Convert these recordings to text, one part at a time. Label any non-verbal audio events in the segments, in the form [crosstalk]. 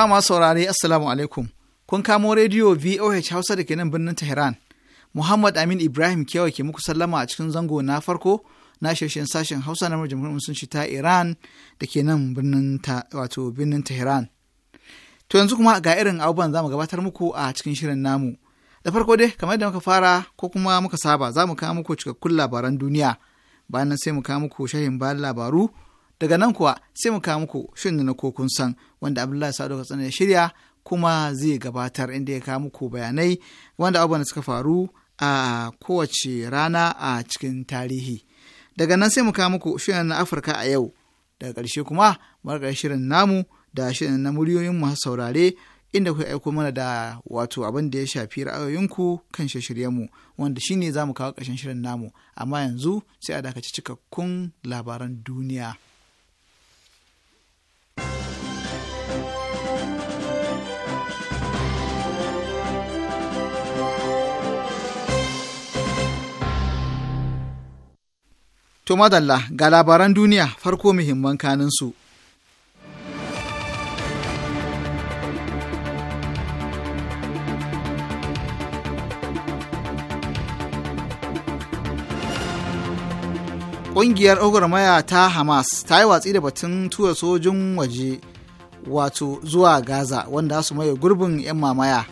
Jama'a saurare Assalamu alaikum. Kun kamo rediyo VOH Hausa da ke nan birnin Tehran. Muhammad Amin Ibrahim Kewa ke muku sallama a cikin zango na farko na shirshen sashen Hausa na Jamhuriyar Musulunci ta Iran da ke nan birnin ta, wato birnin Tehran. To yanzu kuma ga irin abubuwan zamu gabatar muku a cikin shirin namu. Da farko dai kamar da muka fara ko kuma muka saba za mu kawo muku cikakkun labaran duniya. Bayan nan sai mu kawo muku shahin bayan labaru daga nan kuwa sai mu kawo muku shirin na kokun san wanda abdullahi sa'adu katsina ya shirya kuma zai gabatar inda ya kawo muku bayanai wanda abubuwan suka faru a kowace rana a cikin tarihi daga nan sai mu kawo muku shirin na afirka a yau daga ƙarshe kuma margar shirin namu da shirin na muryoyin masu saurare inda kuka aiko mana da wato abin da ya shafi ra'ayoyinku kan shirye mu wanda shine za mu kawo ƙarshen shirin namu amma yanzu sai a dakaci cikakkun labaran duniya. To madalla ga labaran duniya farko muhimman kaninsu. Ƙungiyar ogwarmaya ta Hamas ta yi watsi da batun tura sojin waje wato zuwa Gaza wanda su maye gurbin 'yan mamaya.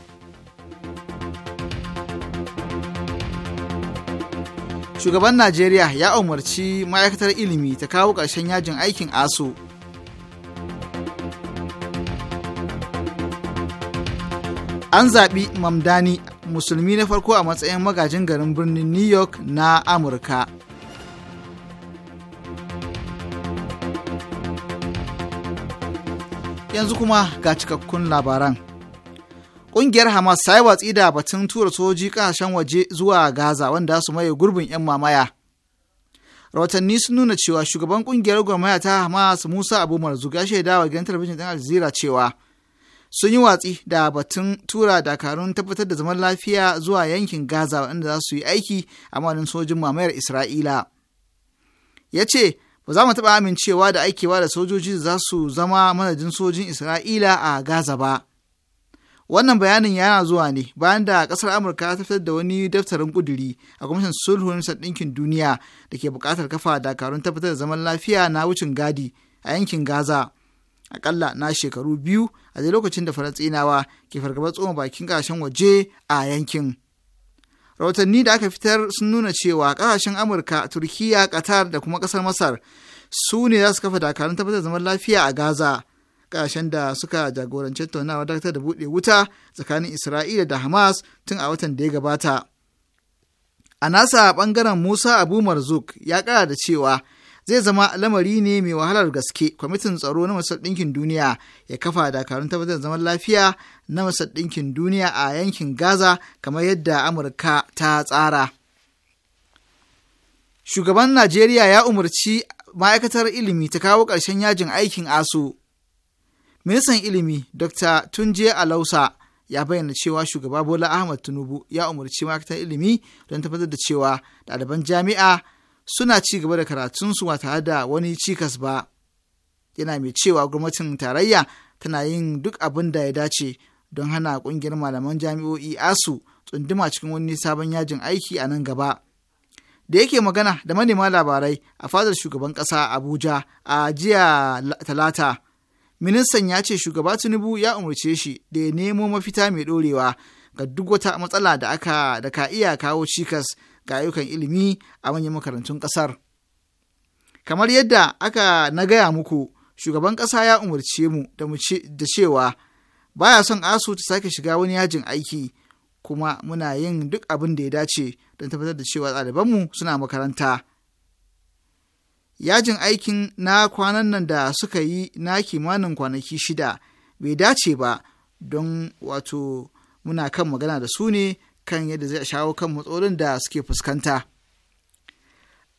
shugaban najeriya ya umarci ma'aikatar ilimi ta kawo ƙarshen yajin aikin aso an zaɓi mamdani musulmi na farko a matsayin magajin garin birnin new york na amurka yanzu kuma ga cikakkun labaran Ƙungiyar Hamas ta yi watsi da batun tura sojoji ƙasashen waje zuwa Gaza wanda su maye gurbin 'yan mamaya. Rahotanni sun nuna cewa shugaban ƙungiyar gwamnati ta Hamas Musa Abu Marzuk ya shaida wa gidan talabijin ɗan Aljazeera cewa sun yi watsi da batun tura dakarun tabbatar da zaman lafiya zuwa yankin Gaza waɗanda za su yi aiki a madadin sojin mamayar Isra'ila. Ya ce, ba za mu taɓa amincewa da aikewa da sojoji da za su zama manajin sojin Isra'ila a Gaza ba. wannan bayanin yana zuwa ne bayan da kasar amurka ta fitar da wani daftarin kuduri a kwamishin sulhun ɗinkin duniya da ke buƙatar kafa dakarun tabbatar da zaman lafiya na wucin gadi a yankin gaza akalla na shekaru biyu a dai lokacin da faransinawa ke fargabar tsoma bakin ƙasashen waje a yankin rahotanni da aka fitar sun nuna cewa ƙasashen amurka turkiya qatar da kuma ƙasar masar su ne za su kafa dakarun tabbatar da zaman lafiya a gaza kashen da suka jagoranci tattaunawa dakatar da buɗe wuta tsakanin isra'ila da hamas tun a watan da ya gabata a nasa ɓangaren musa abu marzuk ya ƙara da cewa zai zama lamari ne mai wahalar gaske kwamitin tsaro na masar ɗinkin duniya ya kafa dakarun tabbatar zaman lafiya na masar ɗinkin duniya a yankin gaza kamar yadda amurka ta tsara shugaban najeriya ya umarci ma'aikatar ilimi ta kawo ƙarshen yajin aikin asu Ministan ilimi Dr. Tunje Alausa ya bayyana cewa shugaba Bola Ahmad Tinubu ya umarci ma'aikatar ilimi don tabbatar da cewa ɗaliban jami'a suna ci gaba da su ba tare da wani cikas ba. Yana mai cewa gwamnatin tarayya tana yin duk abin da ya dace don hana ƙungiyar malaman jami'o'i ASU tsunduma cikin wani sabon yajin aiki a nan gaba. da yake magana da manema labarai a fadar shugaban ƙasa Abuja a jiya talata Ministan ya ce shugaba Tinubu ya umarce shi da ya nemo mafita mai ɗorewa ga duk wata matsala da aka da ka iya kawo cikas ga ayyukan ilimi a manyan makarantun ƙasar. Kamar yadda aka na gaya muku, shugaban ƙasa ya umarce mu da cewa baya son asu ta sake shiga wani yajin aiki kuma muna yin duk abin da ya dace don tabbatar da cewa ɗalibanmu suna makaranta. yajin aikin na kwanan nan da suka yi na kimanin kwanaki shida bai dace ba don wato muna kan magana da su ne kan yadda zai shawo kan matsalolin da suke fuskanta.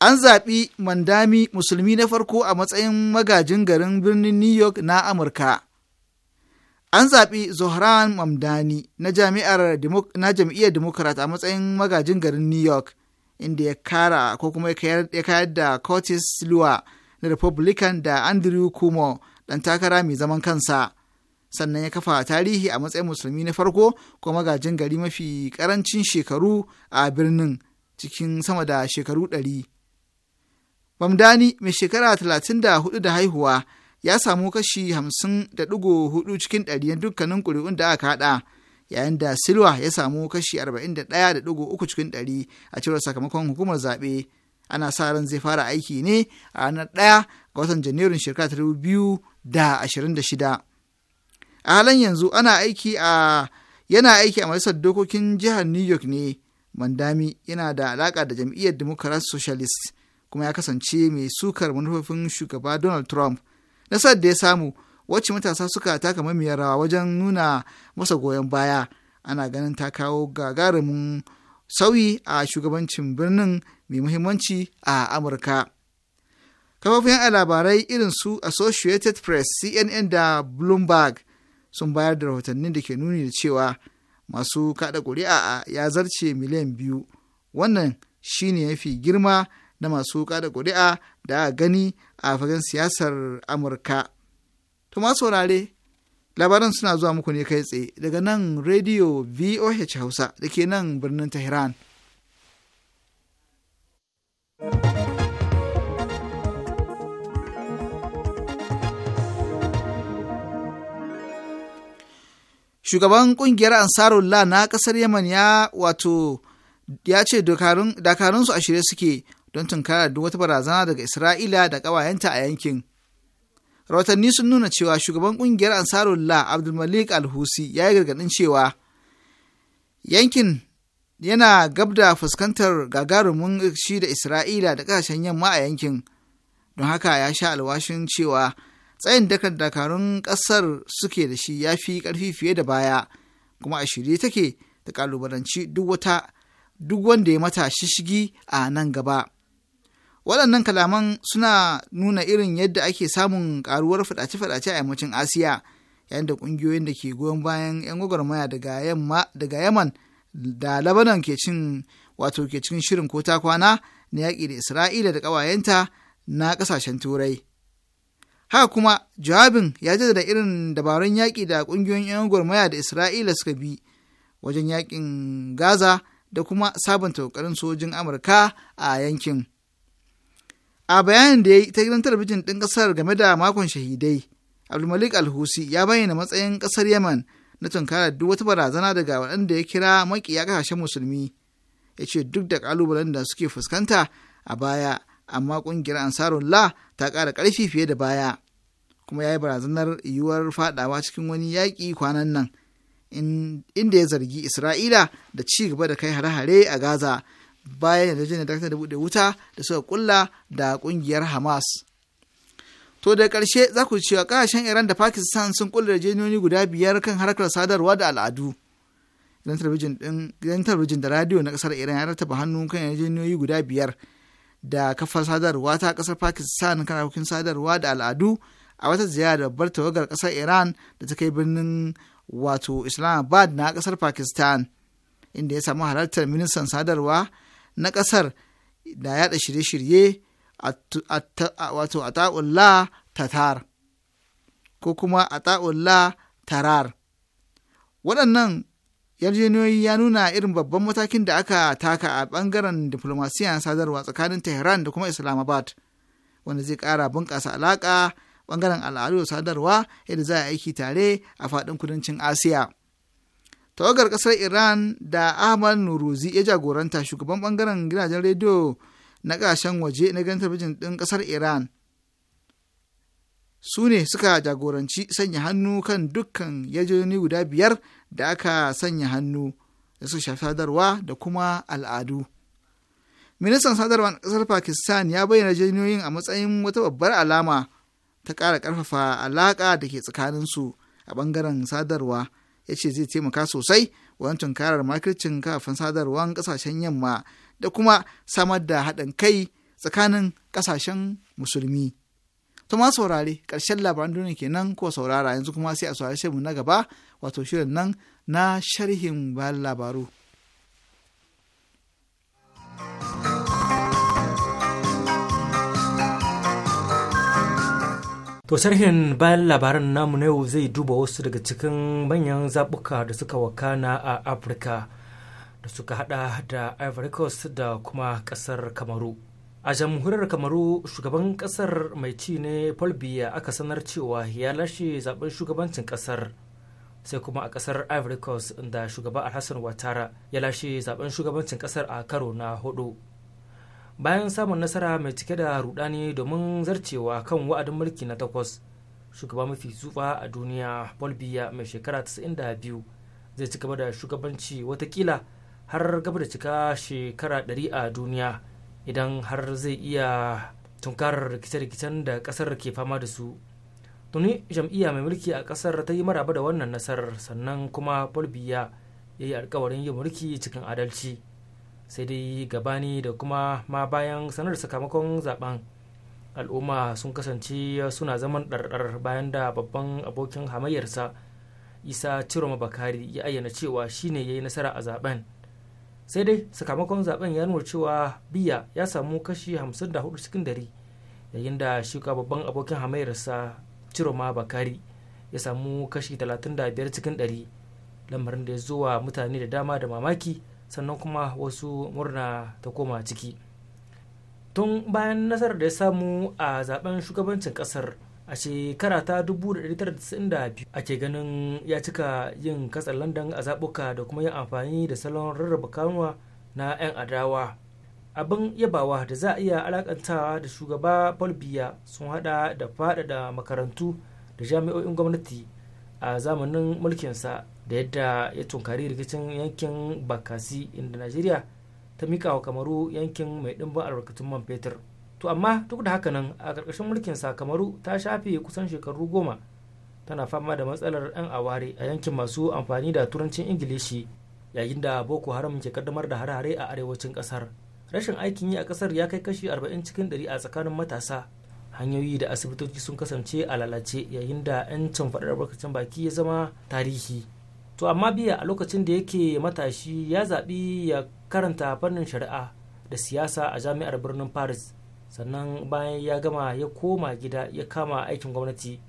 An zaɓi mandami musulmi na farko a matsayin magajin garin birnin New York na Amurka. An zaɓi Zohran Mamdani na jam'iyyar Democrat a matsayin magajin garin New York. inda ya kara ko kuma ya kayar da Curtis Lua na Republican da Andrew Cuomo ɗan takara mai zaman kansa. Sannan ya kafa tarihi a matsayin musulmi na farko ko magajin gari mafi karancin shekaru a birnin cikin sama da shekaru ɗari. Bamdani mai shekara talatin da hudu da haihuwa ya samu kashi hamsin cikin ɗari dukkanin ƙuri'un da aka haɗa. yayin da silwa ya samu kashi 41.3 cikin 100 a cewar sakamakon hukumar zaɓe ana sa ran zai fara aiki ne a ranar 1 ga watan janairun shekara 2026 a halin yanzu ana aiki a yana aiki a majalisar dokokin jihar new york ne mandami yana da alaka da jam'iyyar democrat socialist kuma ya kasance mai sukar manufofin shugaba donald trump nasarar da ya samu wacce matasa suka taka mamiyar rawa wajen nuna masa goyon baya ana ganin ta kawo gagarumin sauyi a shugabancin birnin mai muhimmanci a amurka kafofin labarai irin su associated press cnn da bloomberg sun bayar da rahotannin da ke nuni da cewa masu kada kuri'a ya zarce miliyan biyu wannan shine fi girma na masu kada kuri'a da gani a fagen siyasar amurka To ma saurare, labaran suna zuwa muku ne kai tsaye daga nan Radio VOH Hausa da ke nan birnin Tehran. Shugaban kungiyar Ansarullah na ƙasar Yaman ya wato ya ce dakarunsu a shirye suke don tunkara duk wata barazana daga Isra'ila da ƙawayenta a yankin. rahotanni sun nuna cewa shugaban kungiyar ansarullah abdulmalik alhusi ya yi gargadin cewa yankin yana gab da fuskantar gagarumin shi da isra'ila da kasashen yamma a yankin don haka ya sha alwashin cewa tsayin dakar dakarun kasar suke da shi ya fi karfi fiye da baya kuma a shirye take ta kalubalanci duk duk wanda ya mata shishigi a nan gaba. waɗannan kalaman suna nuna irin yadda ake samun ƙaruwar faɗace-faɗace a yammacin asiya yayin da ƙungiyoyin da ke goyon bayan 'yan gwagwarmaya daga yamma daga yaman da labanan ke cin wato ke cikin shirin ko ta kwana na yaƙi da isra'ila da ƙawayenta na ƙasashen turai haka kuma jawabin ya da irin dabarun yaƙi da ƙungiyoyin 'yan gwagwarmaya da isra'ila suka bi wajen yaƙin gaza da kuma sabunta ƙoƙarin sojin amurka a yankin a bayanin da ya yi ta gidan talabijin ɗin ƙasar game da makon shahidai abdulmalik alhusi ya bayyana matsayin ƙasar yaman na tunkarar duk wata barazana daga waɗanda ya kira maƙiya ƙasashen musulmi ya ce duk da ƙalubalen da suke fuskanta a baya amma ƙungiyar La ta ƙara ƙarfi fiye da baya kuma ya yi barazanar yiwuwar faɗawa cikin wani yaƙi kwanan nan inda ya zargi isra'ila da ci gaba da kai hare-hare a gaza bayan yarjejeniyar dakatar da buɗe wuta da suka kulla da ƙungiyar Hamas. To da ƙarshe za ku cewa ƙasashen Iran da Pakistan sun kulla yarjejeniyoyi guda biyar kan harkar sadarwa da al'adu. idan talabijin da radiyo na ƙasar Iran ya rataba hannu kan yarjejeniyoyi guda biyar da kafar sadarwa ta ƙasar Pakistan kan harkokin sadarwa da al'adu a wata ziyara da babbar tawagar ƙasar Iran da ta kai birnin wato Islamabad na ƙasar Pakistan inda ya samu halartar ministan sadarwa na ƙasar da yaɗa shirye-shirye wato a ta'ulla tatar ko kuma a ta'ulla tarar waɗannan yarjejeniyoyi ya nuna irin babban matakin da aka taka a ɓangaren diflomasiyan sadarwa tsakanin tehran da kuma islamabad wanda zai ƙara bunƙasa alaƙa ɓangaren al'adu da sadarwa yadda za a aiki tare a faɗin kudancin asiya tawagar kasar iran da ahmad nuruzi ya jagoranta shugaban bangaren gidajen rediyo na kashen waje na gidan talabijin din kasar iran su ne suka jagoranci sanya hannu kan dukkan yajoni guda biyar da aka sanya hannu da suka shafi sadarwa da kuma al'adu ministan sadarwa kasar pakistan ya bayyana jiniyoyin a matsayin wata babbar alama ta ƙara ƙarfafa alaƙa da ke tsakanin su a ɓangaren sadarwa ya ce zai taimaka sosai wajen tunkarar makircin kafin sadarwar kasashen yamma da kuma samar da haɗin kai tsakanin ƙasashen musulmi. To saurare ƙarshen labaran duniya kenan ko saurara yanzu kuma sai a saurari mu na gaba wato shirin nan na sharhin bayan labaru. To sarhin bayan labaran namu na yau zai duba wasu daga cikin manyan zaɓuka da suka wakana a Afirka da suka hada da Ivory Coast da kuma ƙasar Kamaru. A jamhuriyar Kamaru shugaban ƙasar mai ci ne Paul Biya aka sanar cewa ya lashe zaben shugabancin ƙasar. Sai kuma a ƙasar Ivory Coast da shugaba Alhassan Watara ya lashe zaben shugabancin ƙasar a karo na hudu. bayan samun nasara mai cike da rudani domin zarcewa kan wa'adin mulki na takwas shugaba mafi zufa a duniya paul biya mai shekara 92 zai ci gaba da shugabanci watakila har gaba da cika shekara 100 a duniya idan har zai iya tunkarar rikice-rikicen da kasar ke fama da su tuni jam'iyya mai mulki a kasar ta yi maraba da wannan nasarar sannan kuma paul biya ya yi alkawarin yin mulki cikin adalci sai dai gabani da kuma ma bayan sanar da sakamakon zaben al'umma sun kasance suna zaman ɗarɗar bayan da babban abokin hamayyarsa isa ciroma bakari ya ayyana cewa shine ya yi nasara a zaben sai dai sakamakon zaben ya nuna cewa biya ya samu kashi 54 cikin dari yayin da shuka babban abokin hamayyarsa ciroma bakari ya samu kashi 35 cikin dari lamarin da ya zo wa mutane da dama da mamaki sannan kuma wasu murna ta koma ciki tun bayan nasarar da ya samu a zaben shugabancin kasar a shekara ta 1992 ake ganin ya cika yin kasar london a zabuka da kuma yin amfani da salon rarraba kanuwa na 'yan adawa abin yabawa da za a iya alakantawa da shugaba paul biya sun hada da fadada makarantu da jami'o'in gwamnati a zamanin mulkinsa da yadda ya tunkari rikicin yankin bakasi inda najeriya ta mika wa kamaru yankin mai ɗimbin albarkatun man fetur to amma duk da haka nan a ƙarƙashin mulkin sa kamaru ta shafe kusan shekaru goma tana fama da matsalar 'yan aware a yankin masu amfani da turancin ingilishi yayin da boko haram ke kaddamar da harare a arewacin ƙasar rashin aikin yi a ƙasar ya kai kashi 40 cikin 100 a tsakanin matasa hanyoyi da asibitoci sun kasance a lalace yayin da 'yancin faɗar albarkacin baki ya zama tarihi to amma biya a lokacin da yake matashi ya zaɓi ya karanta fannin shari'a da siyasa a jami'ar birnin paris sannan bayan ya gama ya koma gida ya kama aikin gwamnati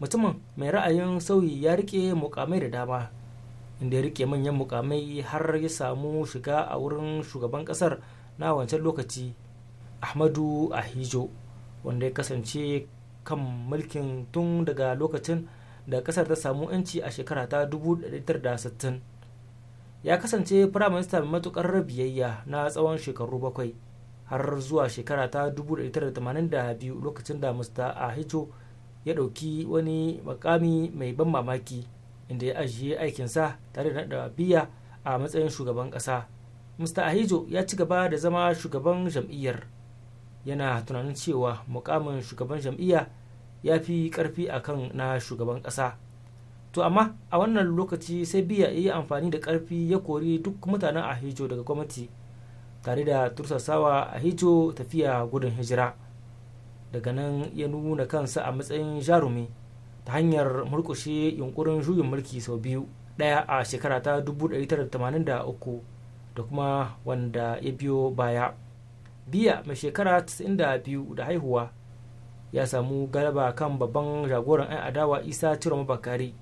mutumin mai ra'ayin sauyi ya rike mukamai da dama inda ya rike manyan mukamai har ya samu shiga a wurin shugaban kasar na wancan lokaci ahmadu ahijo wanda ya kasance kan mulkin tun daga lokacin da kasar ta samu 'yanci a shekara ta 1960 ya kasance firaminista mai matukar biyayya na tsawon shekaru bakwai har zuwa shekara ta 1982 lokacin da mr ahijo ya ɗauki wani makami mai ban mamaki inda ya ajiye aikinsa tare da biya a matsayin shugaban ƙasa mr ahijo ya ci gaba da zama shugaban jam'iyyar yana tunanin cewa mukamin shugaban jam'iyya ya fi karfi kan na shugaban ƙasa to amma a wannan lokaci sai biya ya yi amfani da karfi ya kori duk mutanen a ahijo daga gwamnati tare da tursasawa a ahijo tafiya gudun hijira daga nan ya nuna kansa a matsayin jarumi ta hanyar murkushe yunkurin juyin mulki sau biyu ɗaya a shekara ta 1983 da kuma wanda ya biyo baya biya mai shekara 92 da haihuwa ya samu galaba kan babban jagoran 'yan adawa isa ciro bakari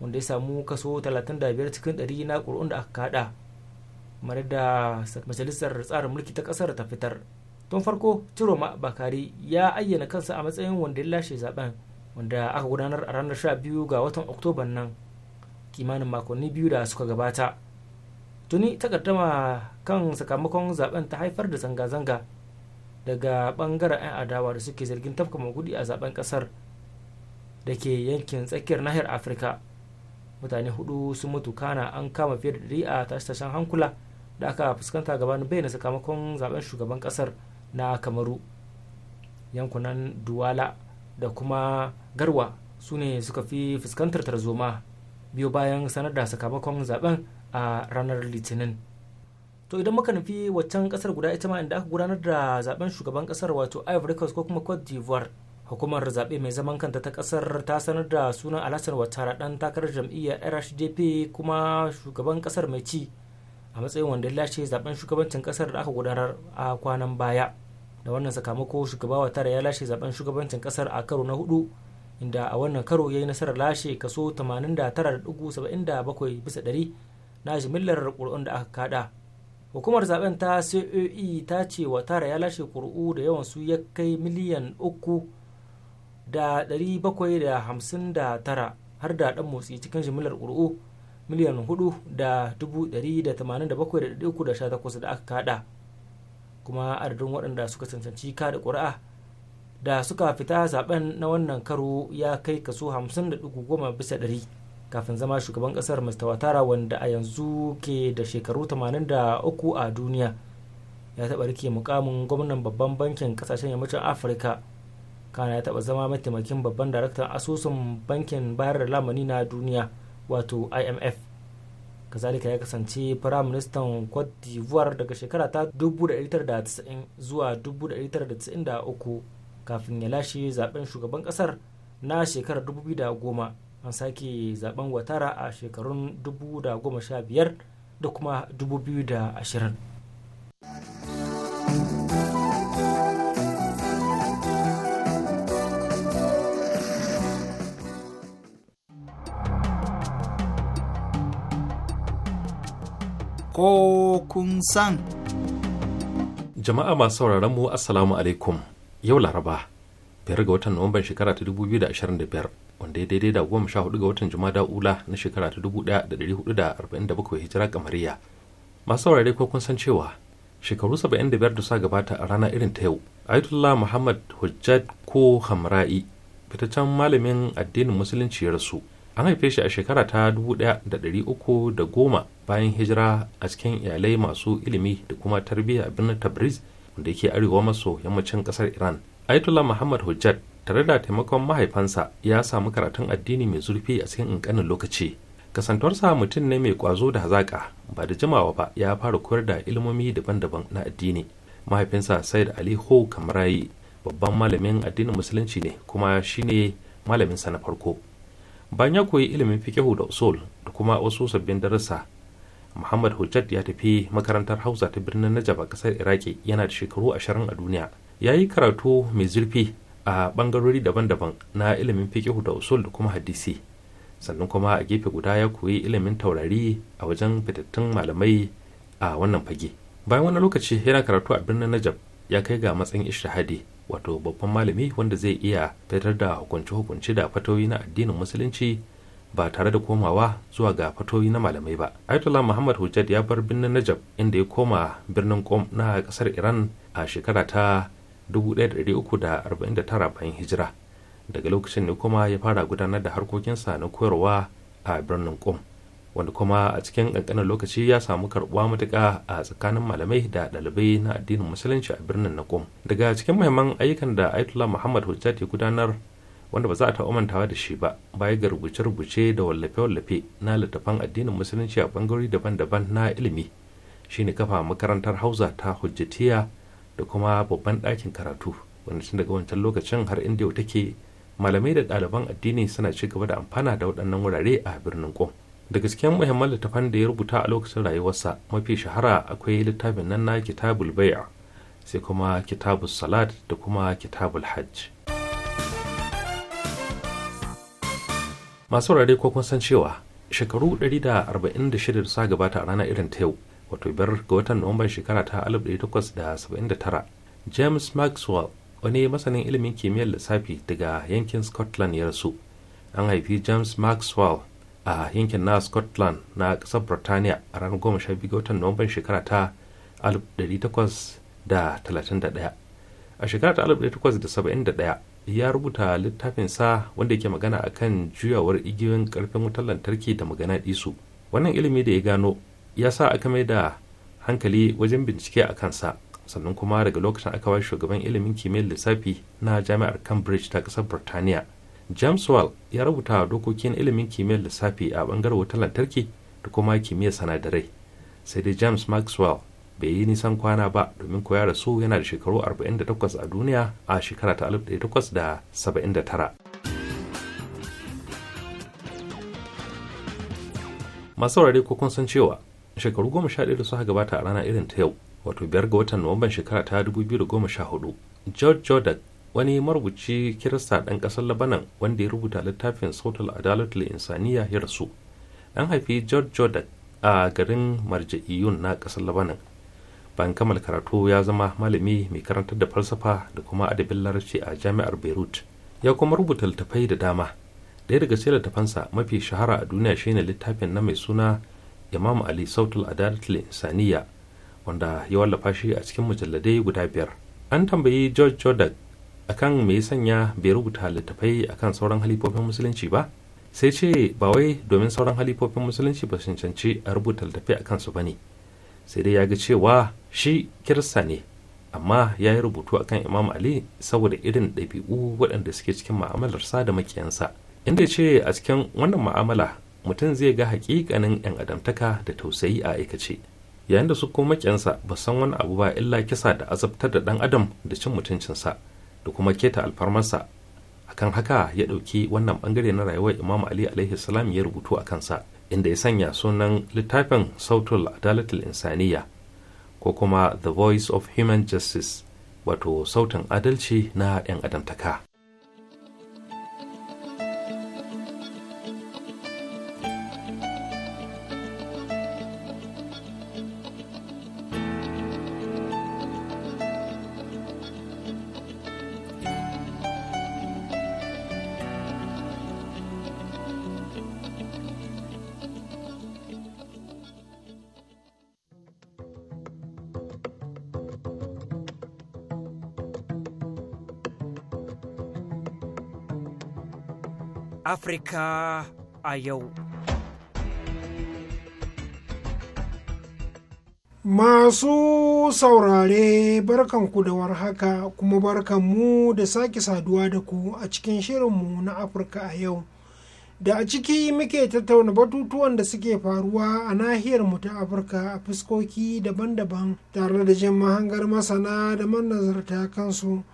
wanda ya samu kaso 35 cikin 100 na ƙuri'un da aka kada mare da majalisar tsarin mulki ta ƙasar ta fitar tun farko ciroma bakari ya ayyana kansa a matsayin wanda ya lashe zaben wanda aka gudanar a ranar 12 ga watan oktoban nan kimanin makonni biyu da suka gabata tuni takaddama kan sakamakon zaben ta haifar da zanga-zanga daga bangaren 'yan adawa da suke zargin tafka magudi a zaben kasar da ke yankin tsakiyar nahiyar afirka mutane hudu sun mutu kana an kama fiye da ɗari a tashe-tashen hankula da aka fuskanta gabanin bayyana sakamakon zaben shugaban kasar na kamaru yankunan duwala da kuma garwa su ne suka fi fuskantar tarzoma biyo bayan sanar da sakamakon zaben a ranar litinin to idan muka nufi waccan kasar guda ita ma inda aka gudanar da zaben shugaban kasar wato ivory coast ko kuma cote d'ivoire hukumar zaɓe mai zaman kanta ta kasar ta sanar da sunan alasan watara ɗan takarar jam'iyyar rsdp kuma shugaban kasar mai ci a matsayin wanda ya lashe zaben shugabancin ƙasar da aka gudanar a kwanan baya da wannan sakamako shugaba watara ya lashe zaben shugabancin kasar a karo na hudu inda a wannan karo ya yi nasarar lashe kaso 89.77 bisa ɗari na jimillar ƙuri'un da aka kada hukumar zaben ta coe ta ce wa tara ya lashe kuri'u da yawan su ya kai miliyan uku da tara har da dan motsi cikin jimillar kuri'u miliyan 4 da 187,318 da aka kada kuma adadin waɗanda suka cancanci kada ƙuri'a da suka fita zaben na wannan karo ya kai kaso 50.10 bisa ɗari. kafin zama shugaban kasar mr watara wanda a yanzu ke da shekaru 83 a duniya ya taɓa rike mukamin gwamnan babban bankin kasashen yammacin afirka kana ya taɓa zama mataimakin babban daraktan asusun bankin bayar da lamani na duniya wato imf kazalika ya kasance firaministan cote d'ivoire daga shekara ta 1990 zuwa 1993 kafin ya lashe zaben shugaban kasar na shekarar 2010 an sake zaben watara a shekarun 2015 da kuma 2020 ko kun san. Jama'a masu sauraron mu Assalamu alaikum yau Laraba, bayar ga watan Nuwamban shekara ta 2025. wanda ya daidai da goma sha hudu ga watan da ula na shekara ta dubu daya da dari hudu da arba'in da bakwai hijira kamariya masu saurare ko kun san cewa shekaru saba'in da biyar da sa gabata a rana irin ta yau ayatollah muhammad hujjat ko hamra'i fitaccen malamin addinin musulunci ya rasu an haife shi a shekara ta dubu daya da dari uku da goma bayan hijira a cikin iyalai masu ilimi da kuma tarbiyya a birnin tabriz wanda yake arewa maso yammacin kasar iran ayatollah muhammad hujjat tare da taimakon mahaifansa ya samu karatun addini mai zurfi a cikin ƙanƙanin lokaci kasantuwarsa mutum ne mai kwazo da hazaƙa ba da jimawa ba ya fara koyar da ilmomi daban-daban na addini mahaifinsa said ali ho kamarayi babban malamin addinin musulunci ne kuma shine malaminsa na farko bayan ya koyi ilimin fiqihu da usul da kuma wasu sabbin darussa muhammad hujjat ya tafi makarantar hausa ta birnin najab a kasar iraki yana da shekaru ashirin a duniya ya yi karatu mai zurfi a bangarori daban-daban na ilimin fiqihu da usul da kuma hadisi sannan kuma a gefe guda ya koyi ilimin taurari a wajen fitattun malamai a wannan fage bayan wani lokaci yana karatu a birnin najab ya kai ga matsayin ishahadi wato babban malami wanda zai iya fitar da hukunce-hukunce da fatoyi na addinin musulunci ba tare da komawa zuwa ga fatoyi na malamai ba ayatollah muhammad hujjad ya bar birnin najab inda ya koma birnin qom na kasar iran a shekara ta 1349 bayan hijira daga lokacin ne kuma ya fara gudanar da harkokinsa na koyarwa a birnin kum wanda kuma a cikin ƙanƙanin lokaci ya samu karbuwa matuka a tsakanin malamai da ɗalibai na addinin musulunci a birnin na kum daga cikin muhimman ayyukan da ayatollah muhammad hujja ya gudanar wanda ba za a taɓa mantawa da shi ba baya ga rubuce-rubuce da wallafe-wallafe na littattafan addinin musulunci a bangarori daban-daban na ilimi shine kafa makarantar hausa ta hujjatiya da kuma babban ɗakin karatu wanda tun daga wancan lokacin har inda yau take malamai da ɗaliban addini suna ci gaba da amfana da waɗannan wurare a birnin ƙom da gaskiyan muhimman littafan da ya rubuta a lokacin rayuwarsa mafi shahara akwai littafin nan na kitabul bai'a sai kuma kitabul salat da kuma kitabul hajj masu wurare ko kun san cewa shekaru 146 da sa gabata a rana irin ta yau wato biyar ga watan nuwamban shekara ta 1879 james maxwell wani masanin ilimin kimiyyar lissafi daga yankin scotland ya rasu an haifi james maxwell a yankin na scotland na ƙasar birtaniya a ranar 12 ga watan nuwamban shekara ta 1831 a shekara ta 1871 ya rubuta littafinsa wanda yake magana akan juyawar igiyoyin karfin wutar lantarki da magana disu wannan ilimi da ya gano ya sa aka mai da hankali wajen bincike a kansa sannan kuma daga lokacin aka ba shugaban ilimin kimiyyar lissafi na jami'ar cambridge ta kasar burtaniya james wall ya rubuta dokokin ilimin kimiyyar lissafi a bangaren wutar lantarki da kuma kimiyyar sanadarai sai dai james maxwell bai yi nisan kwana ba domin koya da su yana da shekaru 48 a duniya a shekara ta 1879 masu ko kun san cewa shekaru goma sha da suka gabata a rana irin ta yau wato biyar ga watan nuwamban shekara ta sha hudu. george jordan wani marubuci kirista ɗan ƙasar labanan wanda ya rubuta littafin adalat adalatul insaniya ya rasu an haifi george jordan a garin marja'iyun na ƙasar labanan bayan kammala karatu ya zama malami mai karantar da falsafa da kuma adabin larabci a jami'ar beirut ya kuma rubuta littafai da dama Daya daga cikin littafansa mafi shahara a duniya shine littafin na mai suna imam ali sautul adalatul insaniya wanda ya wallafa shi a cikin mujalladai guda biyar an tambayi george jordan akan me ya sanya bai rubuta littattafai akan sauran halifofin musulunci ba sai ce ba wai domin sauran halifofin musulunci ba cancanci a rubuta littattafai akan su bane sai dai ya ga cewa shi kirista ne amma ya yi rubutu akan imam ali saboda irin ɗabi'u waɗanda suke cikin ma'amalarsa da makiyansa inda ce a cikin wannan ma'amala mutum zai ga hakikanin yan adamtaka da tausayi a aikace yayin da su kuma maƙiyansa ba san wani abu ba illa kisa da azabtar da ɗan adam da cin mutuncinsa da kuma keta alfarmarsa akan haka ya ɗauki wannan bangare na rayuwar Imam ali alaihi salam ya rubutu a kansa inda ya sanya sunan littafin sautul adalatul insaniya ko kuma the voice of human justice wato sautin adalci na 'yan adamtaka Afrika a yau. Masu saurare barkan ku da warhaka kuma barkan mu da sake saduwa da ku a cikin shirinmu na Afirka a yau. Da a ciki muke tattauna batutuwan da suke faruwa a nahiyar mu ta Afirka a fuskoki daban-daban tare da jan mahangar masana da manazarta kansu.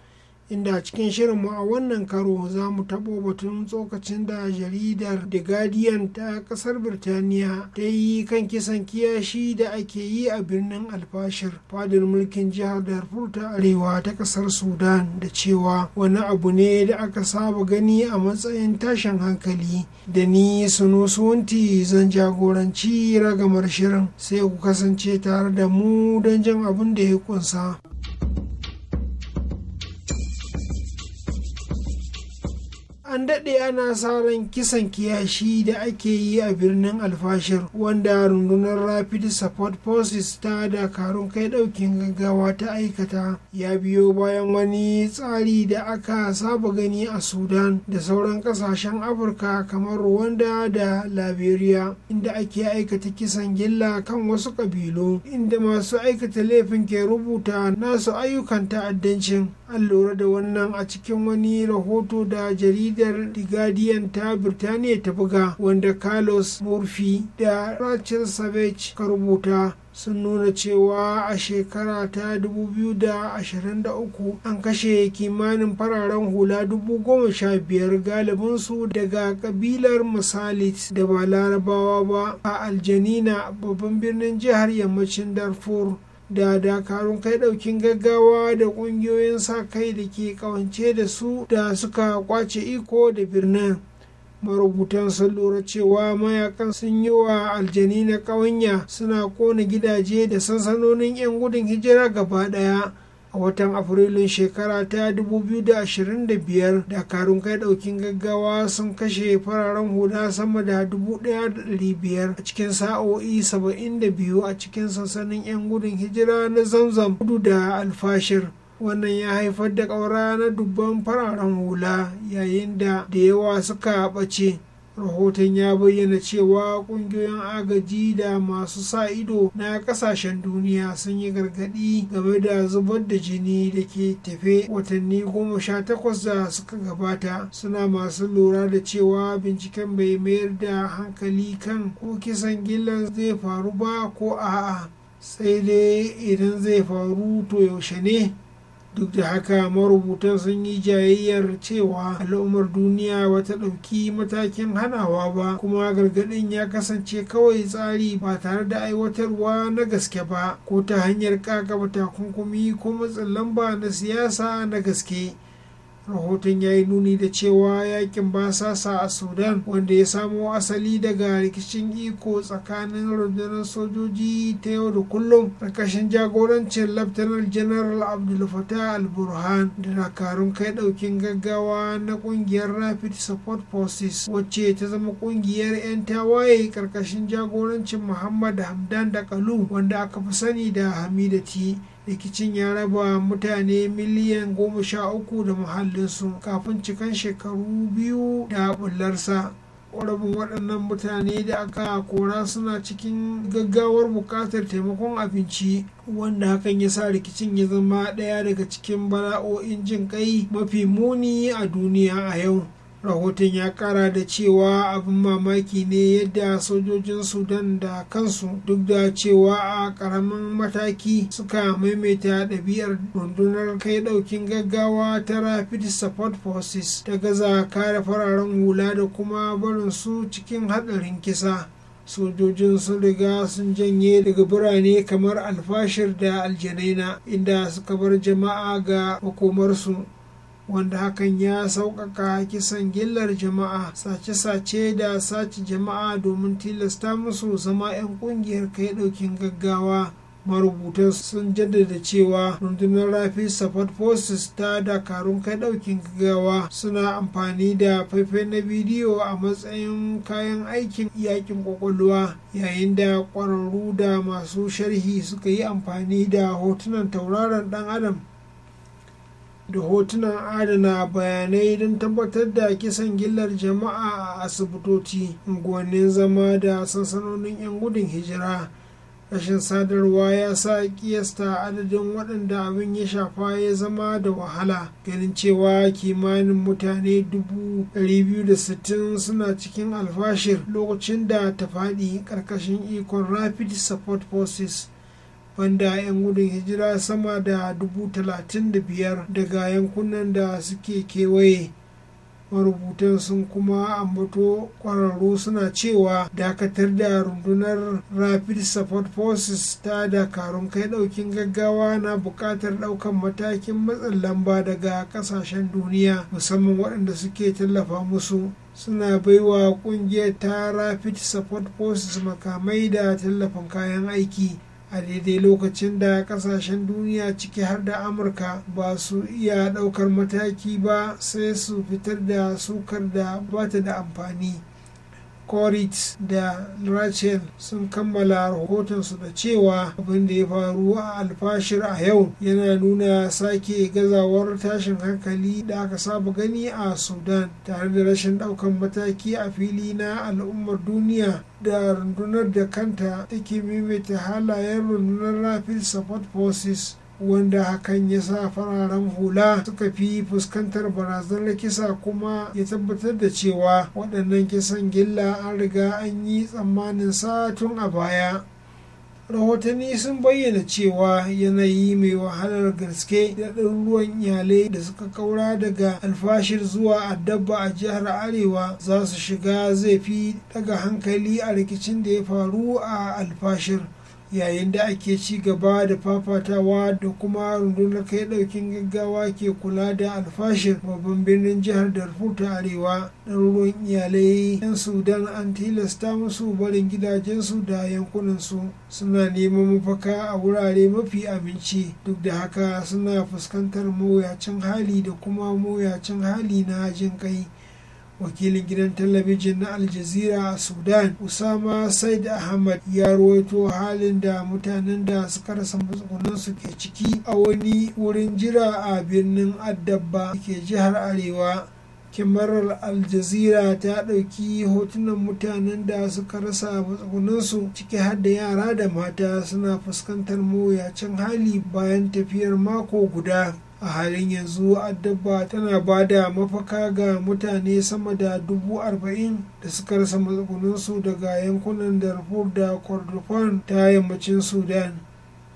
inda a cikin shirinmu a wannan karo za mu taɓo batun tsokacin da jaridar the guardian ta ƙasar birtaniya ta yi kan kisan kiyashi da ake yi a birnin alfashir fadar mulkin jihar darfur ta arewa ta ƙasar sudan da cewa wani abu ne da aka saba gani a matsayin tashin hankali da ni suno suwanti zan jagoranci ragamar shirin sai ku kasance tare da mu don jin abin da ya kunsa. an daɗe ana sa ran kisan kiyashi da ake yi a birnin alfashir wanda rundunar rapid support forces ta dakarun kai ɗaukin gaggawa ta aikata ya biyo bayan wani tsari da aka saba gani a sudan da sauran ƙasashen afirka kamar rwanda da liberia inda ake aikata kisan gilla kan wasu ƙabilu inda masu aikata laifin ke rubuta nasu ayyukan ta'addancin an lura da wannan a cikin wani rahoto da jaridar the guardian ta birtaniya ta buga wanda carlos murphy da rachel savage ka rubuta sun nuna cewa a shekara ta 2023 an kashe kimanin fararen hula 15,000 galibinsu daga kabilar musalit da ba larabawa ba a aljanina babban birnin jihar yammacin darfur da dakarun kai daukin gaggawa da kungiyoyin sa kai da ke kawance da su da suka kwace iko da birnin marubutan sun lura cewa mayakan sun yi wa aljani na ƙawanya suna kona gidaje da sansanonin 'yan gudun hijira gaba daya. a watan afrilun shekara ta 2025 dakarun kai daukin gaggawa sun kashe fararen hula sama da 1,500 a cikin sa'o'i 72 a cikin sansanin 'yan gudun hijira na zamzam kudu da alfashir wannan ya haifar da ƙaura na dubban fararen hula yayin da da yawa suka ɓace rahoton ya bayyana cewa kungiyoyin agaji da masu sa ido na kasashen duniya sun yi gargadi game da zubar da jini da ke tafe watanni goma sha takwas da suka gabata suna masu lura da cewa binciken bai mayar da hankali kan ko kisan gillan zai faru ba ko a'a sai dai idan zai faru to yaushe ne duk da haka marubutan sun yi jayayyar cewa al'ummar duniya ba ta ɗauki matakin hanawa ba kuma gargaɗin ya kasance kawai tsari ba tare da aiwatarwa na gaske ba ko ta hanyar kakaba takunkumi ko matsin lamba na siyasa na gaske rahoton ya yi nuni da cewa yakin basasa a sudan wanda ya samo asali daga rikicin iko tsakanin rundunar sojoji ta yau da kullum ƙarƙashin jagorancin laftanar general abdul fatah al-burhan da dakarun kai ɗaukin gaggawa na ƙungiyar rapid support forces wacce ta zama ƙungiyar 'yan tawaye ƙarƙashin jagorancin muhammad hamdan da kalu wanda aka fi sani da hamidati rikicin ya raba mutane miliyan goma sha uku da muhallinsu kafin cikan shekaru biyu da bullarsa rabin waɗannan mutane da aka kora suna cikin gaggawar buƙatar taimakon abinci wanda hakan ya sa rikicin ya zama ɗaya daga cikin bala'o'in jin ƙai mafi muni a duniya a yau rahoton ya kara da cewa abin mamaki ne yadda sojojin sudan da kansu duk da cewa a karamin mataki suka maimaita ɗabi'ar rundunar kai ɗaukin gaggawa ta rapid support forces ta gaza kare fararen hula da kuma barin su cikin haɗarin kisa sojojin sun riga sun janye daga birane kamar alfashir da aljanaina inda suka bar jama'a ga hukumarsu. wanda hakan ya sauƙaƙa kisan gillar jama'a sace-sace da sace jama'a domin tilasta musu zama 'yan ƙungiyar kai ɗaukin gaggawa marubutan sun jaddada cewa rundunar rafi support forces ta dakarun kai ɗaukin gaggawa suna amfani da faifai na bidiyo a matsayin kayan aikin yakin kwakwalwa yayin da kwararru da masu sharhi suka yi amfani da hotunan tauraron dan adam da hotunan adana bayanai don tabbatar da kisan gillar jama'a a asibitoci unguwannin zama da sansanonin 'yan gudun hijira rashin sadarwa ya sa kiyasta adadin waɗanda abin ya shafa ya zama da wahala ganin cewa kimanin mutane 260 suna cikin alfashir lokacin da ta faɗi ƙarƙashin ikon rapid support forces wanda 'yan gudun hijira sama da dubu talatin da biyar daga yankunan da suke kewaye marubutan sun kuma ambato kwararru suna cewa dakatar da rundunar rapid support forces ta dakarun kai daukin gaggawa na bukatar daukan matakin matsin lamba daga kasashen duniya musamman waɗanda suke tallafa musu suna baiwa kungiyar ta rapid support forces makamai da tallafin kayan aiki a daidai lokacin da kasashen duniya ciki har da amurka ba su iya daukar mataki ba sai su fitar da sukar da bata da amfani Koritz da Rachel sun kammala rahotonsu da cewa abin da ya faru a alfashir a yau yana nuna sake gazawar tashin hankali da aka saba gani a Sudan tare da rashin daukan mataki a fili na al'ummar duniya da rundunar da kanta take bimita halayen rundunar Rapid Support Forces wanda hakan ya sa fararen hula suka fi fuskantar barazanar kisa kuma ya tabbatar da cewa waɗannan kisan gilla an riga an yi tsammanin sa tun a baya rahotanni sun bayyana cewa yanayi mai wahalar gaske da ɗaruruwan iyalai da suka kaura daga alfashir zuwa addabba a jihar arewa za su shiga zai fi daga hankali a rikicin da ya faru a alfashir yayin da ake ci gaba da fafatawa da kuma rundunar kai daukin gaggawa ke kula da alfashin babban birnin jihar darfur ta arewa ɗaruruwan iyalai 'yan sudan an tilasta musu barin gidajensu da yankunansu suna neman mafaka a wurare mafi abinci, duk da haka suna fuskantar mawuyacin hali da kuma mawuyacin hali na jin kai wakilin gidan talabijin na aljazira a sudan usama said ahmad ya ruwaito halin da mutanen da suka rasa matsugunansu ke ciki a wani wurin jira a birnin addabba ke jihar arewa kimarar aljazira ta ɗauki hotunan mutanen da suka rasa matsugunansu ciki har da yara da mata suna fuskantar mawuyacin hali bayan tafiyar mako guda a halin yanzu addabba tana ba da mafaka ga mutane sama da dubu arba'in da suka rasa matsugunansu daga yankunan darfur da kordofan ta yammacin sudan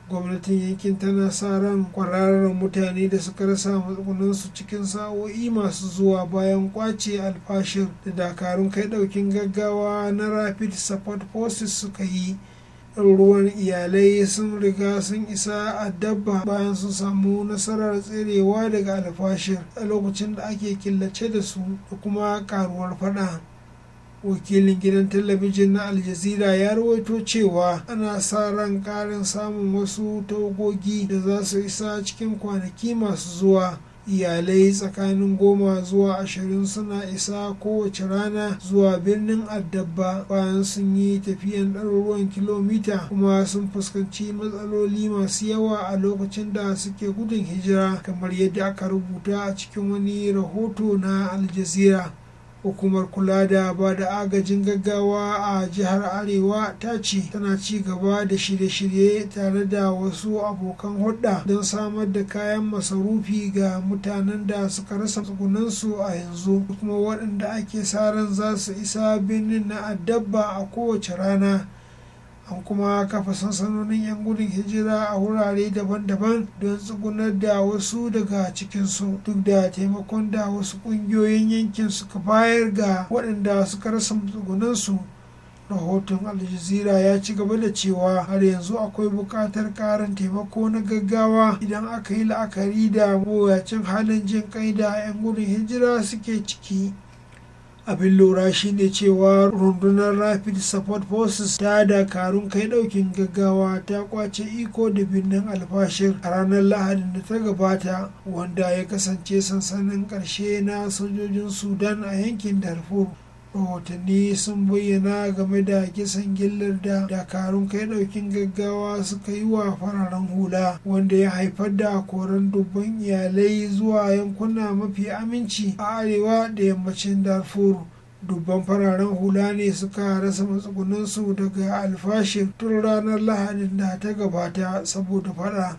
gwamnatin yankin tana sa ran kwararren mutane da suka rasa matsugunansu cikin sa'o'i masu zuwa bayan kwace alfashin da dakarun kai daukin gaggawa na rapid support forces suka yi Ruwan iyalai sun riga sun isa a dabba bayan sun samu nasarar tserewa daga alfashir a lokacin da ake killace da su da kuma karuwar fada wakilin gidan talabijin na aljazira ya rawaito cewa ana sa ran karin samun wasu tagogi da za su isa cikin kwanaki masu zuwa iyalai tsakanin goma zuwa ashirin suna isa kowace rana zuwa birnin addabba bayan sun yi tafiyan ɗaruruwan kilomita kuma sun fuskanci matsaloli masu yawa a lokacin da suke gudun hijira kamar yadda aka rubuta a cikin wani rahoto na aljazeera hukumar kula da ba da agajin gaggawa a jihar arewa ta ce tana ci gaba da shirye-shirye tare da wasu abokan hulɗa don samar da kayan masarufi ga mutanen da suka rasa tsugunansu a yanzu kuma waɗanda ake sa ran za su isa birnin na addabba a kowace rana an kuma kafa sansanonin 'yan gudun hijira a wurare daban-daban don tsugunar da wasu daga cikinsu duk da taimakon da wasu kungiyoyin yankin suka bayar ga waɗanda suka rasa tsugunansu rahoton aljazira ya ci gaba da cewa har yanzu akwai buƙatar ƙarin taimako na gaggawa idan aka yi la'akari da mawuyacin halin jin kai da 'yan gudun hijira suke ciki abin lura shine cewa rundunar rapid support forces ta dakarun kai daukin gaggawa ta kwace iko da birnin alfashir a ranar lahadin da ta gabata wanda ya kasance sansanin karshe na sojojin sudan a yankin darfur rahotanni sun bayyana game da kisan gillar da dakarun kai daukin gaggawa suka yi wa fararen hula wanda ya haifar da koran dubban iyalai zuwa yankuna mafi aminci a arewa da yammacin darfur dubban fararen hula ne suka rasa matsugunansu daga alfashin tun ranar lahadin da ta gabata saboda fada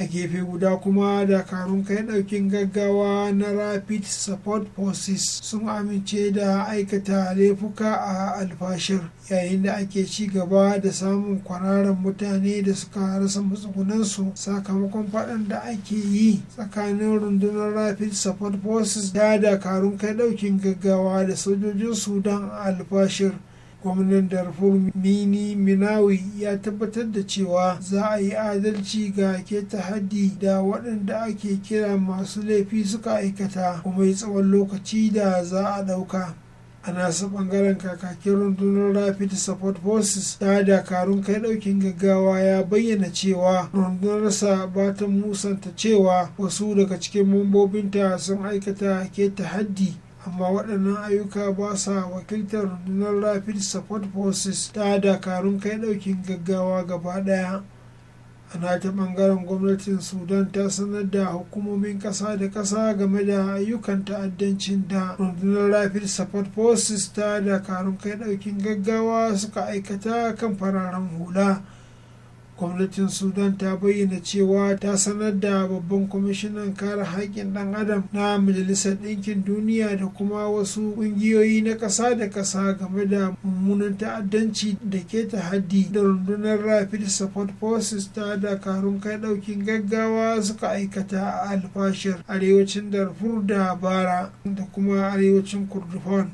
a gefe guda kuma dakarun kai daukin gaggawa na rapid support forces sun amince da aikata laifuka a alfashir yayin da ake ci gaba da samun kwararan mutane da suka rasa matsugunansu sakamakon faɗan da ake yi tsakanin rundunar rapid support forces da dakarun kai daukin gaggawa da sojojin sudan alfashir gwamnan darfur mini minawi ya tabbatar da cewa za a yi adalci ga keta haddi da waɗanda ake kira masu laifi suka aikata kuma yi tsawon lokaci da za a ɗauka a nasu ɓangaren kakakin rundunar rapid support forces ta dakarun kai ɗaukin gaggawa ya bayyana cewa rundunarsa ba ta musanta cewa wasu daga cikin mambobinta sun aikata ke haddi. amma waɗannan ayyuka ba sa wakiltar rundunar rapid support forces ta dakarun kai ɗaukin gaggawa gaba ɗaya a ta ɓangaren gwamnatin sudan ta sanar da hukumomin ƙasa da ƙasa game da ayyukan ta'addancin da rundunar rapid support forces ta dakarun kai ɗaukin gaggawa suka aikata kan fararen hula. gwamnatin sudan ta bayyana cewa ta sanar da babban kwamishinan kare haƙƙin ɗan adam na majalisar ɗinkin duniya da kuma wasu ƙungiyoyi na ƙasa da ƙasa game da mummunan ta'addanci da ke haddi da rundunar rapid support forces ta dakarun kai ɗaukin gaggawa suka aikata a alfashir arewacin darfur da bara da kuma arewacin kurdufan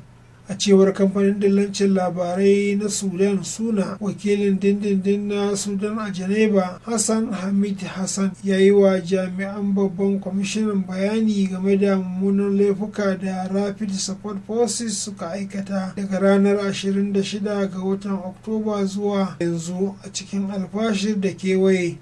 a cewar kamfanin dillancin labarai na sudan suna wakilin dindindin na sudan a geneva hassan hamid hassan ya yi wa jami'an babban kwamishinan bayani game da mummunan laifuka da rapid support forces suka aikata daga ranar 26 ga watan oktoba zuwa yanzu a cikin alfashir da kewaye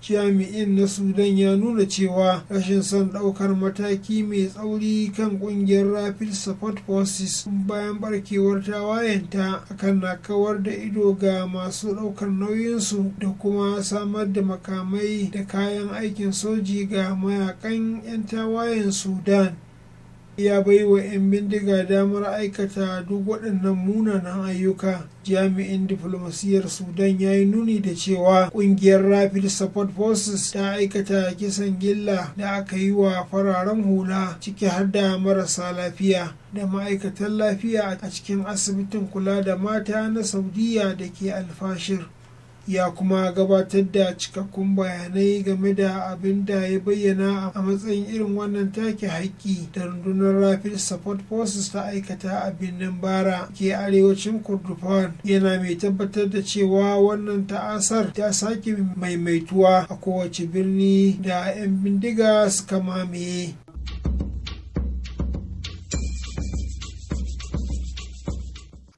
jami'in na sudan ya nuna cewa rashin son daukar mataki mai tsauri kan kungiyar rapid support forces bayan barkewar tawayenta akan na kawar da ido ga masu daukar nauyinsu da kuma samar da makamai da kayan aikin soji ga mayakan 'yan tawayen sudan ya bai wa 'yan bindiga damar aikata duk waɗannan munanan ayyuka jami'in diflomasiyyar sudan ya yi nuni da cewa ƙungiyar rapid support forces ta aikata kisan gilla da aka yi wa fararen hula ciki har da marasa lafiya da ma'aikatan lafiya a cikin asibitin kula da mata na saudiya da ke alfashir ya kuma gabatar da cikakkun bayanai game da abin da ya bayyana a matsayin irin wannan take haƙƙi da rundunar rapid support forces ta aikata a birnin bara ke arewacin kurdufan yana mai tabbatar da cewa wannan ta'asar ta sake maimaituwa a kowace birni da 'yan bindiga suka mamaye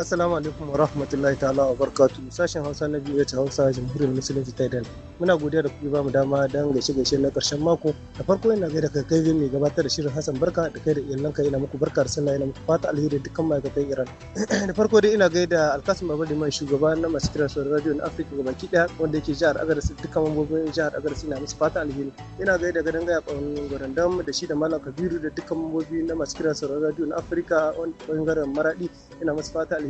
Assalamu alaikum wa rahmatullahi ta'ala wa barkatu Sashen Hausa na biyu ta Hausa Jamhuriyar Musulunci ta Idan. Muna godiya da kuke ba mu dama don gaishe gaishe na karshen mako. Da farko ina gaida kai kai mai gabatar da shirin Hassan Barka da kai da iyalanka ina muku barka da sallah ina muku fata alheri da dukkan ma'aikatan Iran. [clears throat] Da farko dai ina gaida Alkasim mai shugaba na masu kiran sauran radio na Afirka gabaki daya wanda yake jihar Agadez dukkan mambobin jihar Agadez ina musu fata alheri. Ina gaida gadon gaya dam da shi da Malam Kabiru da dukkan mambobi na masu kiran sauran radio na Afirka wani bangaren Maradi ina musu fata alheri.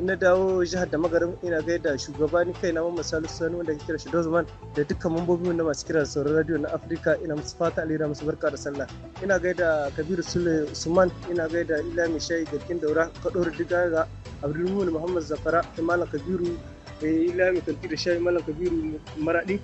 na dawo jihar da magarin ina gaida shugaba ni na mamma salisu sani wanda ke kira shi dozman da dukkan mambobi na masu kiran sauran radio na afirka ina musu fata alira musu barka da sallah ina gaida kabiru sule usman ina gaida ila Shayi garkin daura kadori ga abdulmumin muhammad zafara malam kabiru eh, ila mai kanti da shayi malam kabiru maradi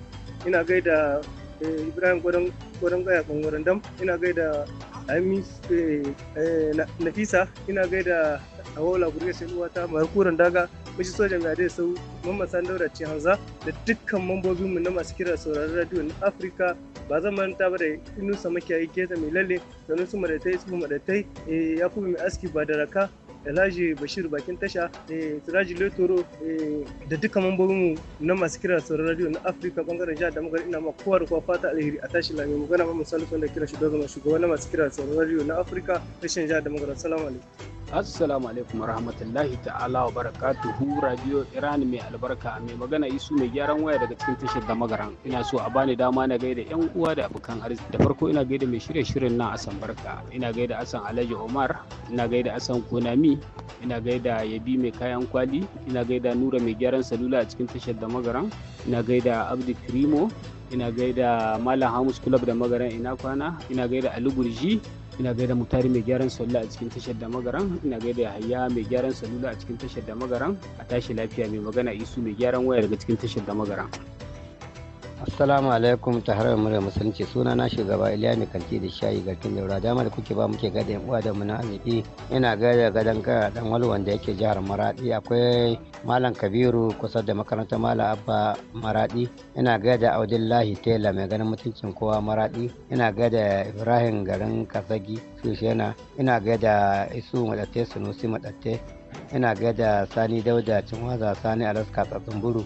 ina gaida Eh, ibrahim gwadon gaya bangaren dam ina gaida amis eh, eh, nafisa ina gaida awola yaluwa ta markuran daga mashi sojan gade sau mamman sandaura ce hanza da dukkan mambobinmu na masu kira sauraron radio na afirka ba zan manta ba da inusa makiyayi keta mai lalle da nusu madatai su madatai ya kuma mai aski ba da raka Elaji Bashir Bakin Tasha, eh, Siraji Lotoro eh, da duka mambobinmu na masu kira sauran radio na Afirka bangaren jihar da magana ina ma kowa da kowa fata alheri a tashi lami magana ma misali da kira shi dogon shugaba na masu kira sauran radio na Afirka rashin jihar da magana. Assalamu alaikum. Assalamu alaikum warahmatullahi ta'ala wa barakatuhu Radio Iran mai albarka mai magana isu mai gyaran waya daga cikin tashar da magaran ina so a bani dama na gaida yan uwa da abokan arziki da farko ina gaida mai shirye shirin na asan barka ina gaida asan Alhaji Omar ina gaida asan Konami ina gaida Yabi mai kayan kwali ina gaida Nura mai gyaran salula a cikin tashar da magaran ina gaida Abdi Krimo ina gaida Malam Hamus Club da magaran ina kwana ina gaida Ali Gurji ina gaida mutari mai gyaran salula a cikin tashar da magaran ina gaida yahaya mai gyaran salula a cikin tashar da magaran a tashi lafiya mai magana isu mai gyaran waya daga cikin tashar da magaran assalamu alaikum ta harar mura musulunci suna na shugaba iliya mai kanti da shayi garkin daura dama da kuke ba muke gada yan uwa da mu na arziki ina gada gadan kara dan wani wanda yake jihar maradi akwai malam kabiru kusa da makarantar malam abba maradi ina gada audillahi tela mai ganin mutuncin kowa maradi ina gada ibrahim garin kasagi shushena ina gada isu madatte sunusi madatte ina gada sani dauda cinwaza sani alaska tsatsun buru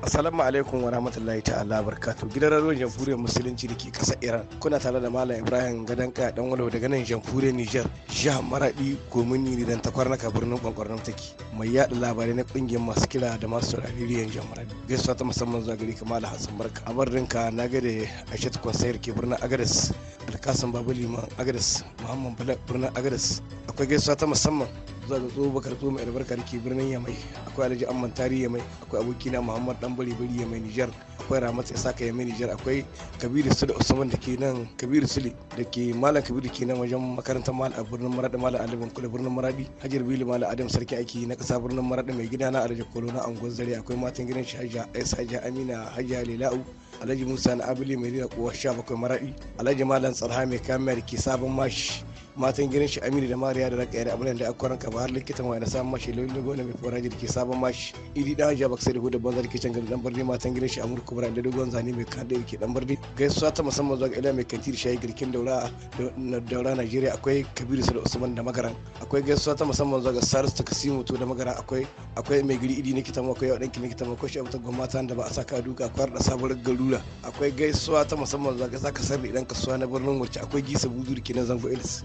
Assalamu alaikum wa rahmatullahi ta'ala barkatu. Gidan radio Jamhuriyar Musulunci da ke ƙasar Iran. Kuna tare da Malam Ibrahim Gadanka dan walau daga nan Jamhuriyar Niger. Jihar Maradi Gomini dan takwar naka birnin Kwankwarnan take. Mai yaɗa labarai na ƙungiyar masu kira da masu saurari riyan Jihar Maradi. Gaisuwa ta musamman zuwa gari kamar Hassan Barka. A ka na gade Aishatu Kwansayar ke birnin Agadas. Alkasan Babu Liman Agadas. Muhammad Bala birnin Agadas. Akwai gaisuwa ta musamman ka zo bakar tso mai albarka da ke birnin yamai akwai alhaji amman tari yamai akwai abokina muhammad dan bari bari yamai nijar akwai ramat saka yamai nijar akwai kabiru sule usman da ke nan kabiru sule da ke malam kabiru ke nan wajen makarantar mal a birnin maradi malam alibin kula birnin maradi hajar bili malam adam sarki aiki na kasa birnin maradi mai gida na alhaji kolo na angon zare akwai matan gidan shi hajja aisa hajja amina hajja lela'u alhaji musa na abule mai rina kowa sha bakwai maradi alhaji malam tsarha mai kamar ke sabon mashi matan gidan shi aminu da mariya da raka yare abulan da kwaranka ba har likitan wani samun mashi da gona mai fara ke sabon mashi idi dan ja baksa da hudu banzar kicin gari dan birni matan gidan shi amurka kubra da dogon zane mai kada yake dan birni gaisuwa ta musamman zuwa ga ila mai kantir shayi girkin daura daura najeriya akwai kabiru da usman da magaran akwai gaisuwa ta musamman zuwa ga salisu ta kasimu to da magaran akwai akwai mai giri idi kitan akwai yawan ɗanki kitan akwai shi abu ta gwamnati da ba a saka duka akwai da sabuwar garura akwai gaisuwa ta musamman zuwa ga zaka sarri idan kasuwa na birnin wacce akwai gisa buzu kenan zango ilis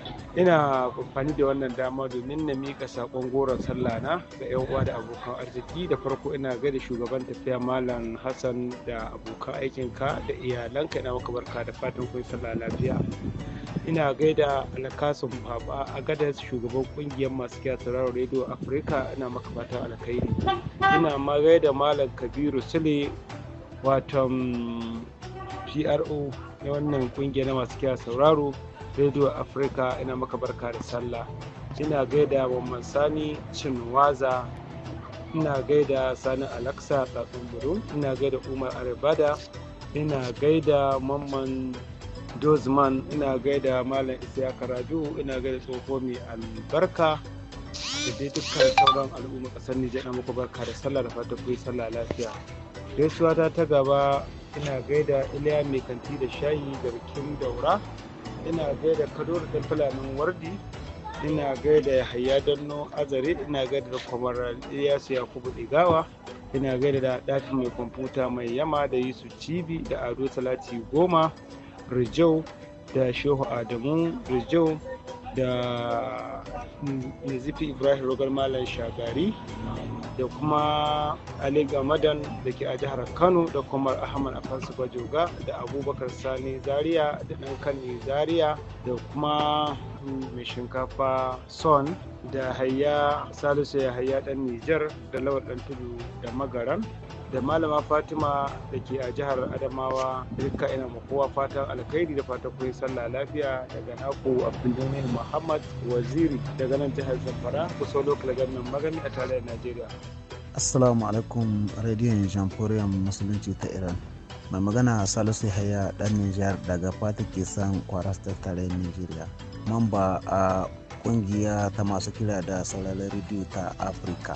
ina amfani da wannan dama domin na mika sakon goron sallah na ga yan uwa da abokan arziki da farko ina gaida shugaban tafiya malam hassan da abokan aikinka da iyalanka ina maka barka da fatan kun sallah lafiya ina gaida alkasun baba a gada shugaban kungiyar masu kiya sauraro radio afirka ina maka fatan alkhairi ina ma gaida malam kabiru sule waton pro na wannan kungiyar masu kiya sauraro radio africa ina maka barka da sallah ina gaida mamman sani Chinwaza, ina gaida sani alaksa tsatsun burum ina gaida umar arabada ina gaida mamman dozman ina gaida malam isiyaka raju ina gaida tsoho albarka da dai dukkan sauran al'umma ƙasar nijar na muku barka da sallah da fata kuyi sallah lafiya gaisuwa ta ta gaba ina gaida iliya mai kanti da shayi da bikin daura ina gaida kaduru da fulanin wardi ina gaida yahaya danno azare ina gaida da kwamar iyasu yakubu digawa ina gaida da dafi mai kwamfuta mai yama da yusu cibi da ado talati goma rijau da shehu adamu rijau da nizifi ibrahim rogar malam shagari da kuma ali gamadan da ke a jihar kano da kuma ahmad afansu bajoga da abubakar sani zaria da dan kani zaria da kuma mai shinkafa son da hayya salisu ya hayya dan nijar da lawal dan tudu da magaran da malama fatima da ke a jihar adamawa duka ina ma kowa fatan alkhairi da fatan kun sallah lafiya daga naku abdulmumin muhammad waziri daga nan jihar zamfara kusa lokal gannan magani a tarayyar najeriya assalamu alaikum radiyon jamhuriyar musulunci ta iran mai magana salisu haya dan nijar daga fata ke san kwaras ta tarayyar nigeria mamba a kungiya ta masu kira da sauraron rediyo ta afirka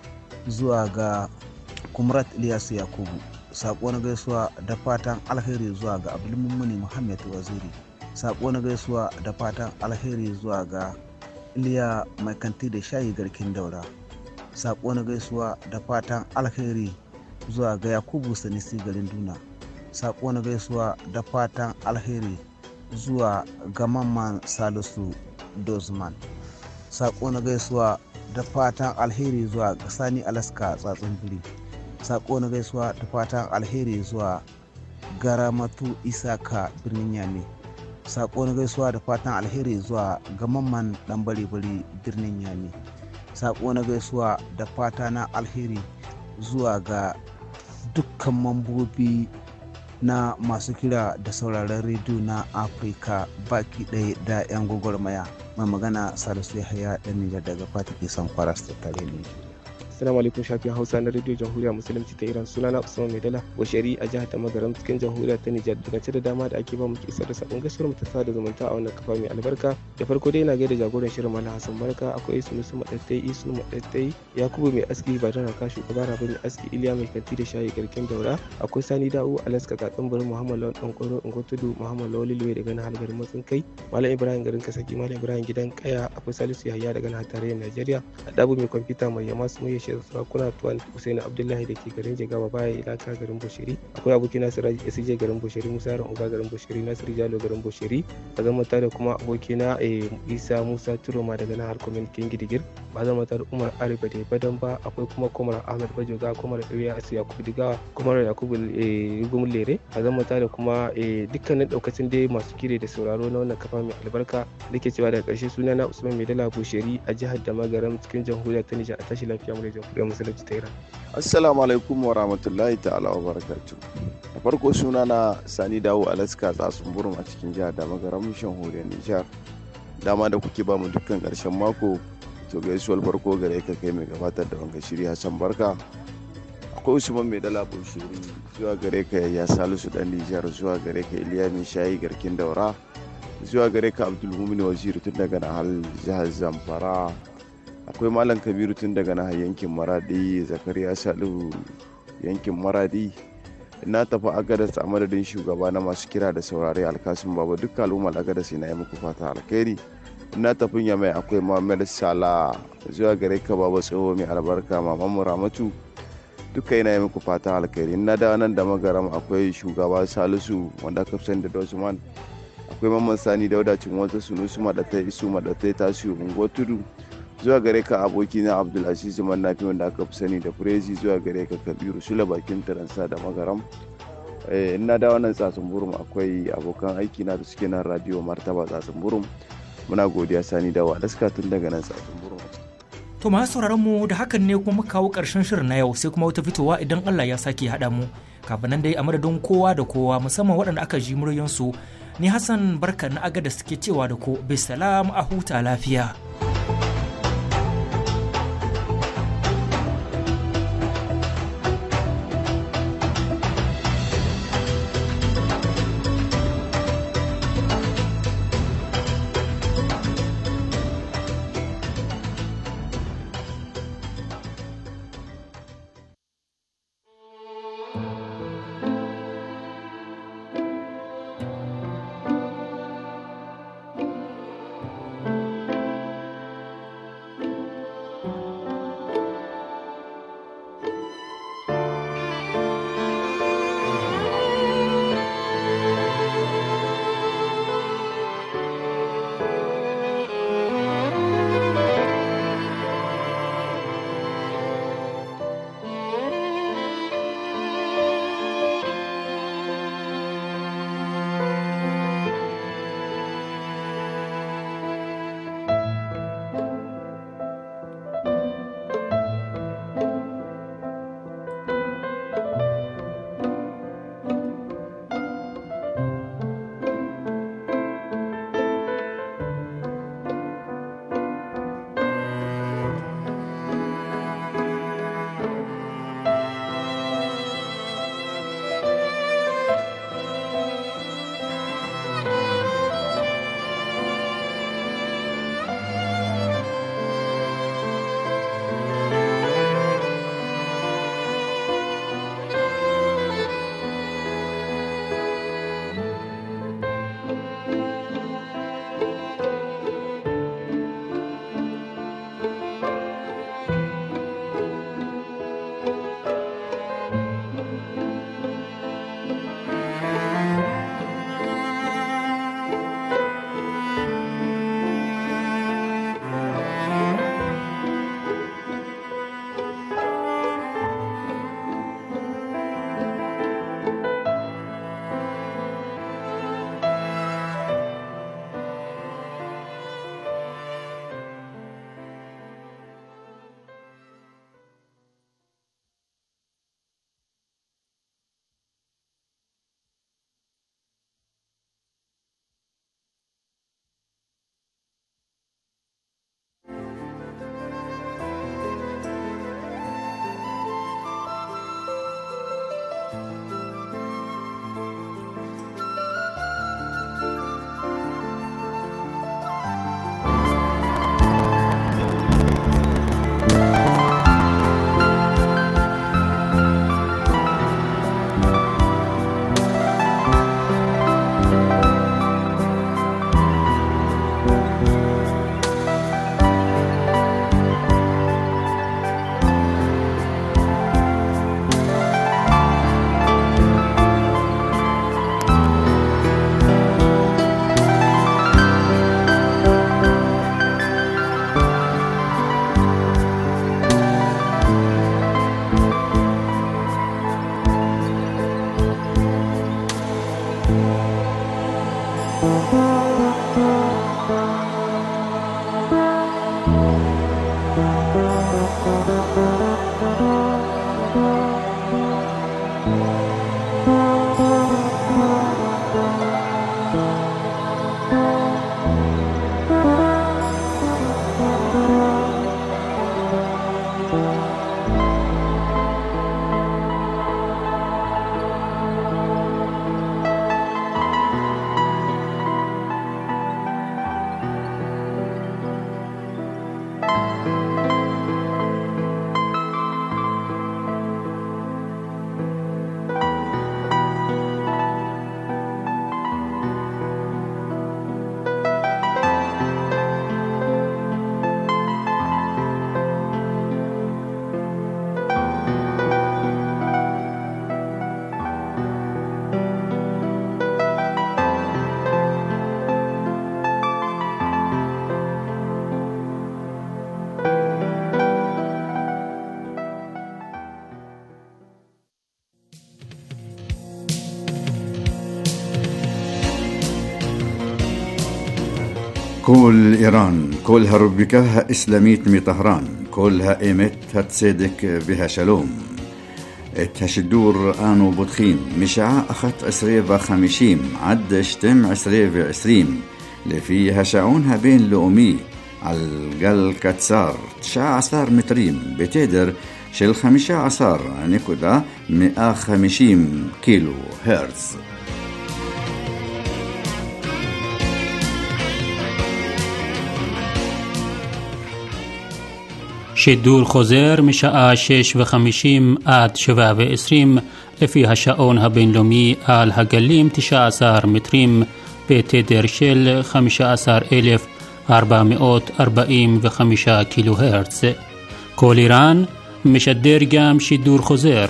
zuwa ga kumrat ilyasu yakubu saƙon gaisuwa da fatan alheri zuwa ga abdulmumuni muhammad waziri saƙon gaisuwa da fatan alheri zuwa ga iliya mai kanti da shayi garkin daura saƙon gaisuwa da fatan alheri zuwa ga yakubu sanisi garin duna saƙon gaisuwa da fatan alheri zuwa ga mamman salisu dozman saƙon gaisuwa da fatan alheri zuwa sani alaska tsatsin biri sako na gaisuwa da fatan alheri zuwa garamatu isaka birnin yami sako na gaisuwa da fatan alheri zuwa gamamman dan bari-bari birnin yami sako na gaisuwa da fata na alheri zuwa ga dukkan mambobi na masu kira da sauraron rediyo na afirka baki ɗaya da 'yan gwagwarmaya mai magana salisu haya ɗan nijar daga fata ke son kwaras da tare ne Assalamu alaikum shafin Hausa na Radio Jamhuriyar Musulunci ta Iran sunana Usman Maidala Bashari a jihar Tamagaram cikin Jamhuriyar ta Nijar daga ce da dama da ake ba mu isar da sabon gaskiyar mu ta sada zumunta a wannan kafa mai albarka da farko dai ina da jagoran shirin Malam Hassan Barka akwai Sunusu Madattai Isu Madattai Yakubu mai aski ba da raka ba Rabi mai aski Iliya mai kanti da shayi garkin daura akwai Sani Da'u Alaska Katsin Bari Muhammad Lawan Dankoro Ngotudu Muhammad Lawli lewe daga nan halgarin matsin kai Malam Ibrahim garin Kasaki Malam Ibrahim gidan Kaya akwai Salisu Yahaya daga nan tarayyar Najeriya dabu mai kwamfuta mai yama su mai kungiyar sarakuna tuwan Hussein Abdullahi da ke garin Jigawa baya ilaka garin Bushiri akwai abokina Siraj SJ garin Bushiri Musa Ran Uba garin Bushiri Nasiru Jalo garin Bushiri a zan da kuma abokina eh, Isa Musa Turoma daga nahar Kwamin Kingidigir ba zan tare Umar Arifa da Badan ba akwai kuma Kumar Ahmed Bajoga Kumar Iriya Asu Yakubu Digawa Kumar Yakubu Rigum eh, Lere a zan da kuma eh, dukkanin daukacin dai masu kire da sauraro na wannan kafa mai albarka da ke cewa daga karshe sunana Usman Maidala Bushiri a jihar Damagaram cikin jamhuriyar ta Nijar a tashi lafiya mu jamhuriyar jamhuriyar musulunci ta assalamu alaikum wa rahmatullahi ta'ala wa barakatu a farko suna na sani dawo alaska tsasun burin a cikin jihar da magaram horiyar nijar dama da kuke ba mu dukkan karshen mako to gaisuwar farko gare ka kai mai gabatar da wanga shiri hassan barka akwai usman mai dala bushiri zuwa gare ka ya salisu dan nijar zuwa gare ka iliya mai shayi garkin daura zuwa gare ka abdulmumin waziri tun daga hal jihar zamfara akwai malam kabiru tun daga na yankin maradi zakariya salihu yankin maradi na tafi agadas a madadin shugaba na masu kira da saurare alkasun baba duk al'ummar agadas na yi muku fata alkhairi na tafi ya mai akwai mamar sala zuwa gare ka baba tsoho mai albarka maman ramatu duka yana yi muku fata alkhairi na da nan da magaram akwai shugaba salisu wanda aka fi da dosman akwai mamman sani dauda cin wata sunusu maɗatai isu maɗatai tasiri unguwa tudu zuwa gare ka aboki na abdulaziz mannafi wanda aka fi sani da furezi zuwa gare ka kabiru shula bakin taransa da magaram eh, in na da wannan tsatsun burum akwai abokan aiki na da suke nan radio martaba tsatsun burum muna godiya sani da daska tun daga nan tsatsun burum to masu sauraron mu da hakan ne kuma kawo karshen shirin na yau sai kuma wata fitowa idan Allah ya sake hada mu kafin nan dai a madadin kowa da kowa musamman waɗanda aka ji su ni Hassan barka na aga da suke cewa da ko bisalam a huta lafiya. كل إيران كلها ربكها إسلاميت مي طهران كلها إيمت هتصدق بها شلوم الدور آنو بطخين مشاعة أخت عسرية وخمشيم عد شتم عسرية وعسريم لفي هشعونها بين لومي على قل كتسار تشاع عصار متريم بتدر شل خمشة عصار نقدا مئة خمشيم كيلو هرتز שידור חוזר משעה 6:50 עד 7:20 לפי השעון הבינלאומי על הגלים 19 מטרים בתדר של 15,445 קילו הרץ. כל איראן משדר גם שידור חוזר